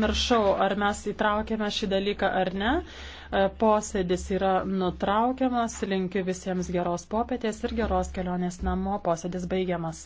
Miršau, ar mes įtraukėme šį dalyką ar ne. E, posėdis yra nutraukiamas. Linkiu visiems geros popietės ir geros kelionės namo. Posėdis baigiamas.